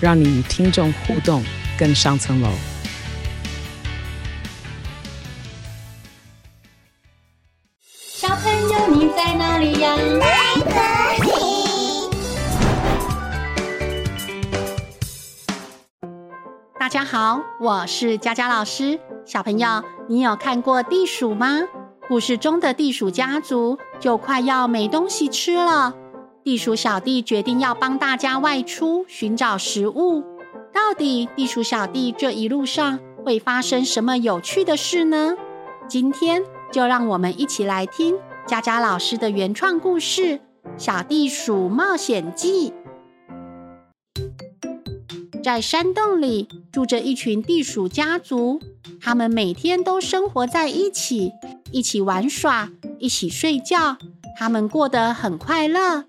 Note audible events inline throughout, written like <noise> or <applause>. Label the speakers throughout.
Speaker 1: 讓你與聽眾互動更上層樓。小朋友，你在哪裡呀？大家好，我是佳佳老師。小朋友，你有看過地鼠嗎？故事中的地鼠家族就快要沒東西吃了。地鼠小弟決定要幫大家外出尋找食物。到底地鼠小弟這一路上會發生什麼有趣的事呢？今天就讓我們一起來聽佳佳老師的原創故事《小地鼠冒險記》。在山洞裡住着一群地鼠家族，他們每天都生活在一起，一起玩耍，一起睡覺，他們過得很快樂。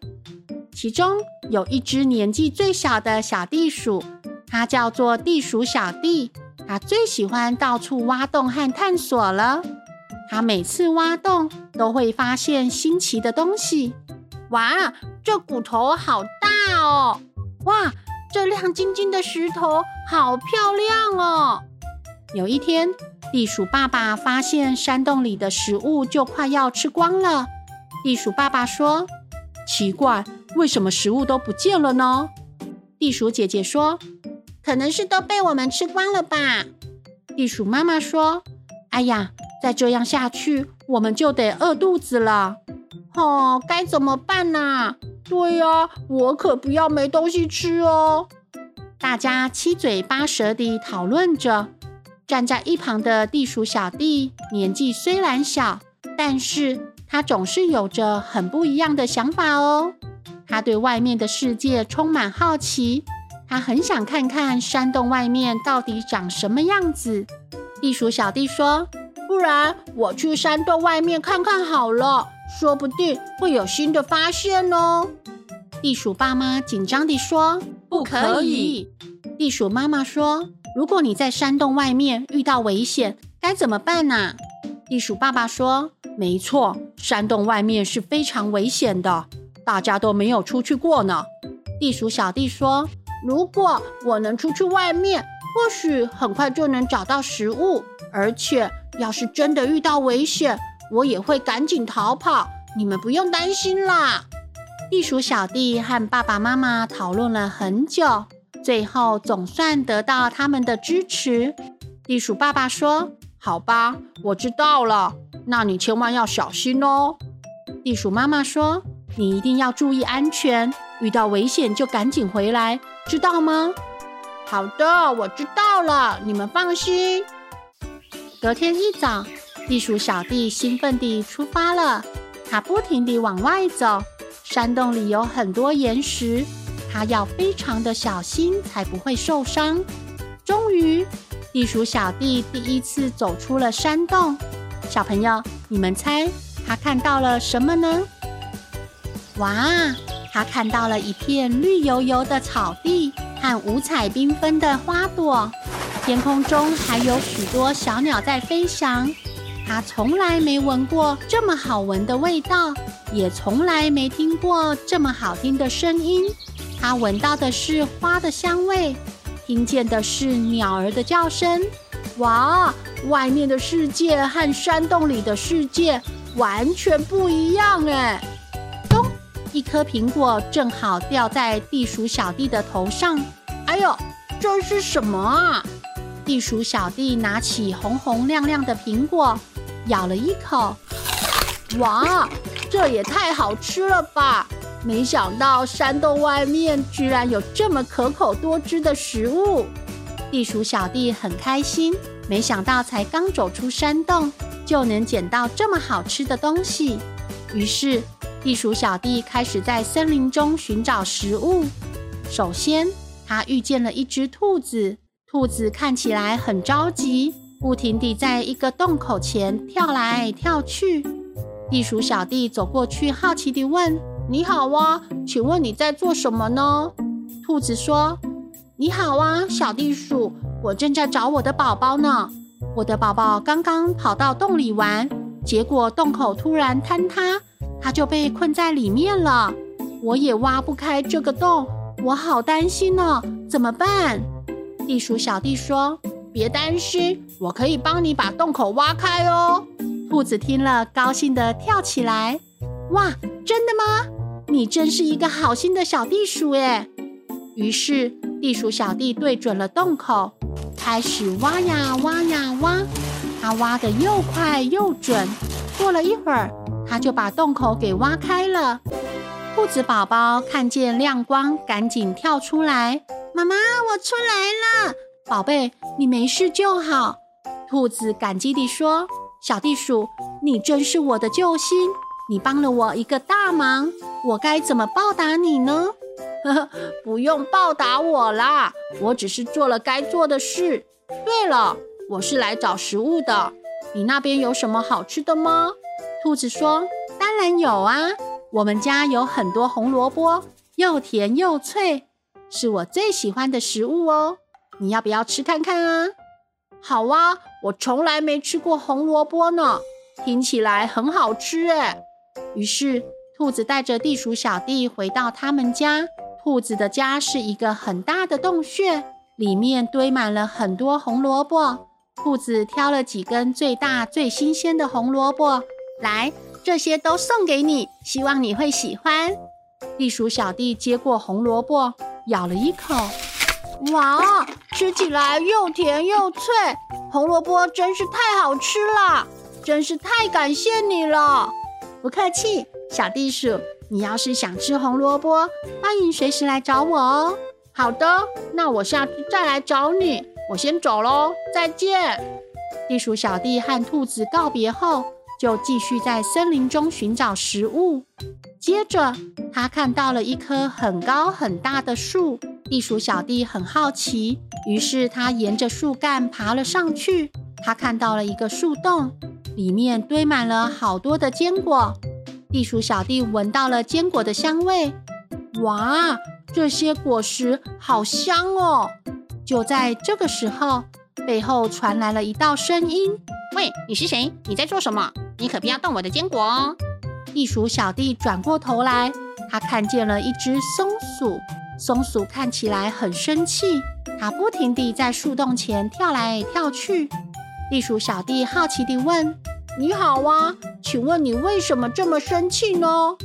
Speaker 1: 其中有一隻年紀最小的小地鼠，它叫做地鼠小弟。它最喜歡到處挖洞和探索了。它每次挖洞都會發現新奇的東西。哇，這骨頭好大哦！哇，這亮晶晶的石頭好漂亮哦！有一天，地鼠爸爸發現山洞裡的食物就快要吃光了。地鼠爸爸說，奇怪，為什麼食物都不見了呢？地鼠姐姐說：“可能是都被我們吃光了吧。”地鼠媽媽說：“哎呀，再這樣下去，我們就得餓肚子了。哦，該怎麼辦呢、啊？”“對呀、啊，我可不要沒東西吃哦！”大家七嘴八舌地討論着。站在一旁的地鼠小弟，年紀雖然小，但是……他總是有着很不一樣的想法哦。他對外面的世界充滿好奇，他很想看看山洞外面到底長什麼樣子。地鼠小弟說：“不然我去山洞外面看看好了，說不定會有新的發現哦。”地鼠爸媽緊張地說：“不可以。”地鼠媽媽說：“如果你在山洞外面遇到危險，該怎麼辦啊？”地鼠爸爸說。沒錯，山洞外面是非常危險的，大家都沒有出去過呢。地鼠小弟說：“如果我能出去外面，或許很快就能找到食物，而且要是真的遇到危險，我也會趕緊逃跑。你們不用擔心啦。”地鼠小弟和爸爸媽媽討論了很久，最後總算得到他們的支持。地鼠爸爸說。好吧，我知道了。那你千萬要小心哦。地鼠媽媽說：“你一定要注意安全，遇到危險就趕緊回來，知道嗎？”好的，我知道了，你們放心。隔天一早，地鼠小弟興奮地出發了。他不停地往外走，山洞裡有很多岩石，他要非常的小心才不會受傷。終於，地鼠小弟第一次走出了山洞，小朋友，你們猜他看到了什麼呢？哇，他看到了一片綠油油的草地和五彩繽紛的花朵，天空中還有許多小鳥在飛翔。他從來沒聞過這麼好聞的味道，也從來沒聽過這麼好聽的聲音。他聞到的是花的香味。聽見的是鳥兒的叫聲，哇！外面的世界和山洞裡的世界完全不一樣哎！咚！一顆蘋果正好掉在地鼠小弟的頭上，哎呦，這是什麼啊？地鼠小弟拿起紅紅亮亮的蘋果，咬了一口，哇，這也太好吃了吧！沒想到山洞外面居然有這麼可口多汁的食物，地鼠小弟很開心。沒想到才剛走出山洞，就能撿到這麼好吃的東西。於是地鼠小弟開始在森林中尋找食物。首先，他遇見了一隻兔子，兔子看起來很着急，不停地在一個洞口前跳來跳去。地鼠小弟走過去好奇地問。你好啊，請問你在做什麼呢？兔子說：“你好啊，小地鼠，我正在找我的寶寶呢。我的寶寶剛剛跑到洞裡玩，結果洞口突然坍塌，它就被困在裡面了。我也挖不開這個洞，我好擔心呢，哦，怎麼辦？”地鼠小弟說：“別擔心，我可以幫你把洞口挖開哦。”兔子聽了，高興地跳起來：“哇，真的嗎？”你真是一個好心的小地鼠耶。於是地鼠小弟對準了洞口，開始挖呀挖呀挖。他挖得又快又準。過了一會兒，他就把洞口給挖開了。兔子寶寶看見亮光，趕緊跳出來：“媽媽，我出來了！寶貝，你沒事就好。”兔子感激地說：“小地鼠，你真是我的救星。”你幫了我一個大忙，我該怎麼報答你呢？呵呵，不用報答我啦，我只是做了該做的事。對了，我是來找食物的，你那邊有什麼好吃的嗎？兔子說：“當然有啊，我們家有很多紅蘿蔔，又甜又脆，是我最喜歡的食物哦。你要不要吃看看啊？”好啊，我從來沒吃過紅蘿蔔呢，聽起來很好吃誒。於是，兔子帶着地鼠小弟回到他們家。兔子的家是一個很大的洞穴，裡面堆滿了很多紅蘿蔔。兔子挑了幾根最大、最新鮮的紅蘿蔔，來，這些都送給你，希望你會喜歡。地鼠小弟接過紅蘿蔔，咬了一口，哇，吃起來又甜又脆，紅蘿蔔真是太好吃了！真是太感謝你了。不客氣，小地鼠。你要是想吃紅蘿蔔，歡迎隨時來找我哦。好的，那我下次再來找你。我先走咯，再見。地鼠小弟和兔子告別後，就繼續在森林中尋找食物。接着，他看到了一棵很高很大的樹，地鼠小弟很好奇，於是他沿着樹幹爬了上去。他看到了一個樹洞，裡面堆滿了好多的堅果。地鼠小弟聞到了堅果的香味，哇，這些果實好香哦！就在這個時候，背後傳來了一道聲音：“喂，你是誰？你在做什麼？你可不要動我的堅果哦！”地鼠小弟轉過頭來，他看見了一隻松鼠。松鼠看起來很生氣，它不停地在樹洞前跳來跳去。地鼠小弟好奇地問：“你好啊，請問你為什麼這麼生氣呢？”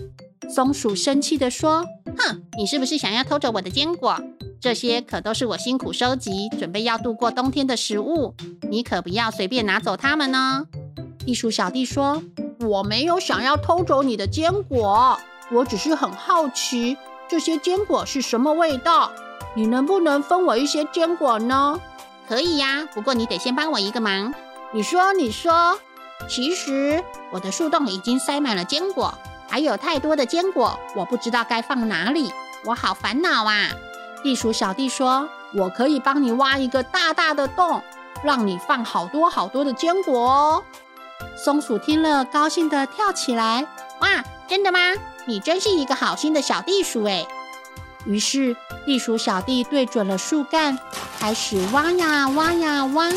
Speaker 1: 松鼠生氣地說：“哼，你是不是想要偷走我的堅果？這些可都是我辛苦收集，準備要度過冬天的食物。你可不要隨便拿走它們呢、哦。”地鼠小弟說：“我沒有想要偷走你的堅果，我只是很好奇這些堅果是什麼味道。你能不能分我一些堅果呢？”“可以呀、啊，不過你得先幫我一個忙。”你說，你說，其實我的樹洞已經塞滿了堅果，還有太多的堅果，我不知道該放哪裡，我好煩惱啊！地鼠小弟說：“我可以幫你挖一個大大的洞，讓你放好多好多的堅果哦。”松鼠聽了，高興地跳起來：“哇，真的嗎？你真是一個好心的小地鼠誒。”於是地鼠小弟對準了樹幹，開始挖呀挖呀挖。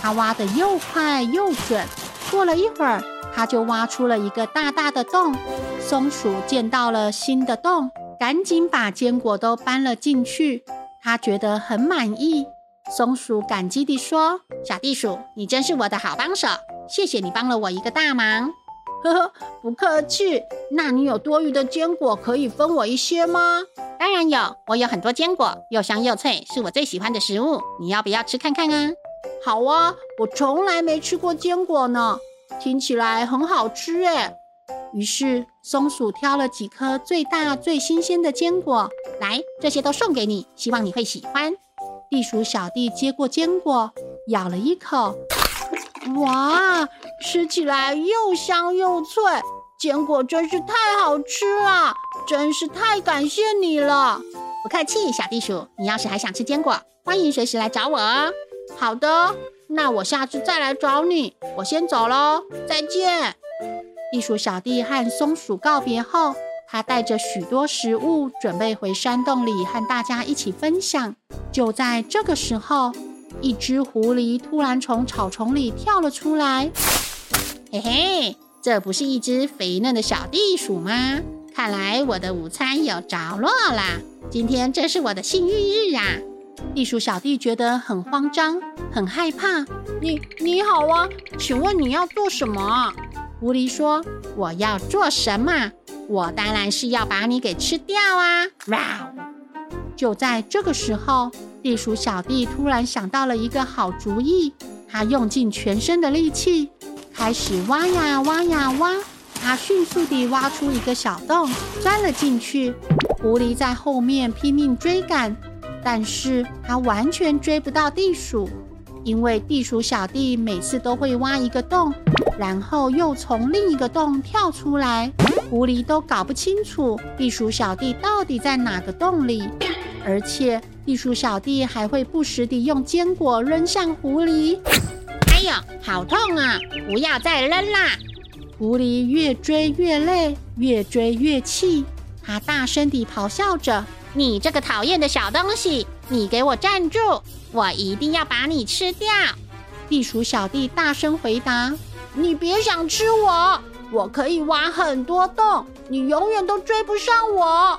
Speaker 1: 他挖得又快又準，過了一會兒，他就挖出了一個大大的洞。松鼠見到了新的洞，趕緊把堅果都搬了進去。他覺得很滿意。松鼠感激地說：“小地鼠，你真是我的好幫手，謝謝你幫了我一個大忙。”呵呵，不客氣。那你有多餘的堅果可以分我一些嗎？當然有，我有很多堅果，又香又脆，是我最喜歡的食物。你要不要吃看看啊？好啊，我從來沒吃過堅果呢，聽起來很好吃誒。於是松鼠挑了幾顆最大最新鮮的堅果。來，這些都送給你，希望你會喜歡。地鼠小弟接過堅果，咬了一口，哇，吃起來又香又脆，堅果真是太好吃了，真是太感謝你了。不客氣，小地鼠，你要是還想吃堅果，歡迎隨時來找我哦、啊。好的，那我下次再來找你。我先走了，再見。地鼠小弟和松鼠告別後，他帶着許多食物，準備回山洞裡和大家一起分享。就在這個時候，一只狐狸突然從草叢裡跳了出來。嘿嘿，這不是一只肥嫩的小地鼠嗎？看來我的午餐有着落了。今天真是我的幸運日啊！地鼠小弟覺得很慌張，很害怕。你你好啊，請問你要做什麼？狐狸說：“我要做什麼？我當然是要把你給吃掉啊！”哇！就在這個時候，地鼠小弟突然想到了一個好主意，他用盡全身的力氣，開始挖呀挖呀挖。他迅速地挖出一個小洞，鑽了進去。狐狸在後面拼命追趕。但是他完全追不到地鼠，因為地鼠小弟每次都會挖一個洞，然後又從另一個洞跳出來，狐狸都搞不清楚地鼠小弟到底在哪個洞裡。而且地鼠小弟還會不時地用堅果扔向狐狸。哎呦，好痛啊！不要再扔啦！狐狸越追越累，越追越氣，它大聲地咆哮着。你這個討厭的小東西，你給我站住！我一定要把你吃掉。地鼠小弟大聲回答：“你別想吃我，我可以挖很多洞，你永遠都追不上我。”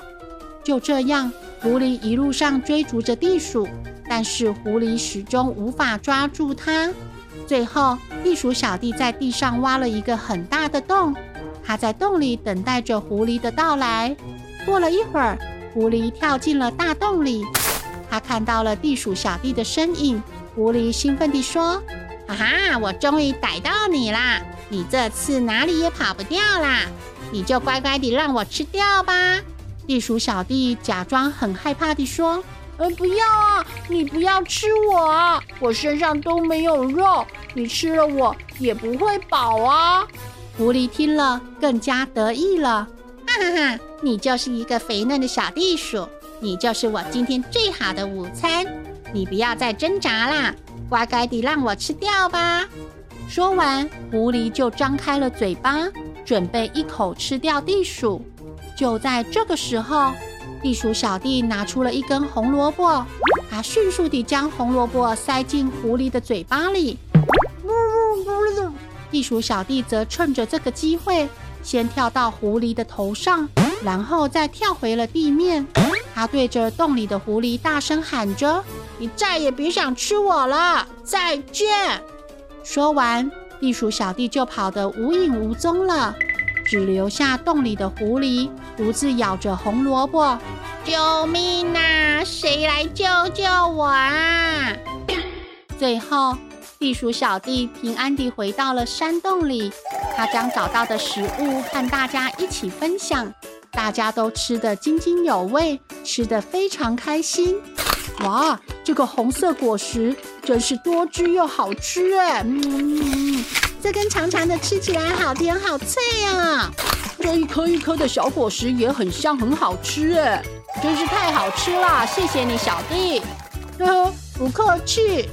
Speaker 1: 就這樣，狐狸一路上追逐着地鼠，但是狐狸始終無法抓住它。最後，地鼠小弟在地上挖了一個很大的洞，他在洞裡等待着狐狸的到來。過了一會兒。狐狸跳進了大洞裡，他看到了地鼠小弟的身影。狐狸興奮地說：“哈哈，我終於逮到你啦！你這次哪裡也跑不掉啦！你就乖乖地讓我吃掉吧。”地鼠小弟假裝很害怕地說：“呃，不要啊，你不要吃我啊！我身上都沒有肉，你吃了我也不會飽啊！”狐狸聽了更加得意了。哈哈， <laughs> 你就是一個肥嫩的小地鼠，你就是我今天最好的午餐。你不要再掙扎啦，乖乖地讓我吃掉吧。說完，狐狸就張開了嘴巴，準備一口吃掉地鼠。就在這個時候，地鼠小弟拿出了一根紅蘿蔔，他迅速地將紅蘿蔔塞進狐狸的嘴巴裡。 <laughs> 地鼠小弟則趁着這個機會。先跳到狐狸的頭上，然後再跳回了地面。他對着洞裡的狐狸大聲喊着：“你再也別想吃我了，再見！”說完，地鼠小弟就跑得無影無蹤了，只留下洞裡的狐狸獨自咬着紅蘿蔔：“救命啊！誰來救救我啊？” <coughs> 最後，地鼠小弟平安地回到了山洞裡，他將找到的食物和大家一起分享，大家都吃得津津有味，吃得非常開心。哇，這個紅色果實真是多汁又好吃誒！嗯，這根長長的吃起來好甜好脆呀、啊！這一顆一顆的小果實也很香很好吃誒，真是太好吃了！謝謝你，小弟。呵呵，不客氣。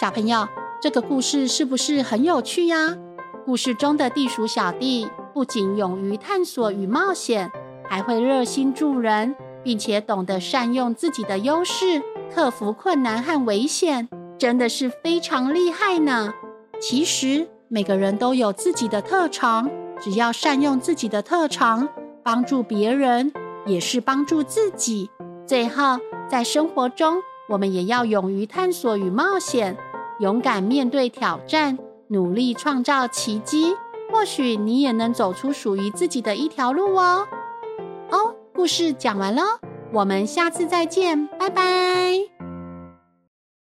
Speaker 1: 小朋友，這個故事是不是很有趣呀？故事中的地鼠小弟不僅勇於探索與冒險，還會熱心助人，並且懂得善用自己的優勢克服困難和危險，真的是非常厲害呢。其實每個人都有自己的特長，只要善用自己的特長幫助別人，也是幫助自己。最後，在生活中我們也要勇於探索與冒險。勇敢面對挑戰，努力創造奇蹟，或許你也能走出屬於自己的一條路哦。哦，故事講完了，我們下次再見，拜拜。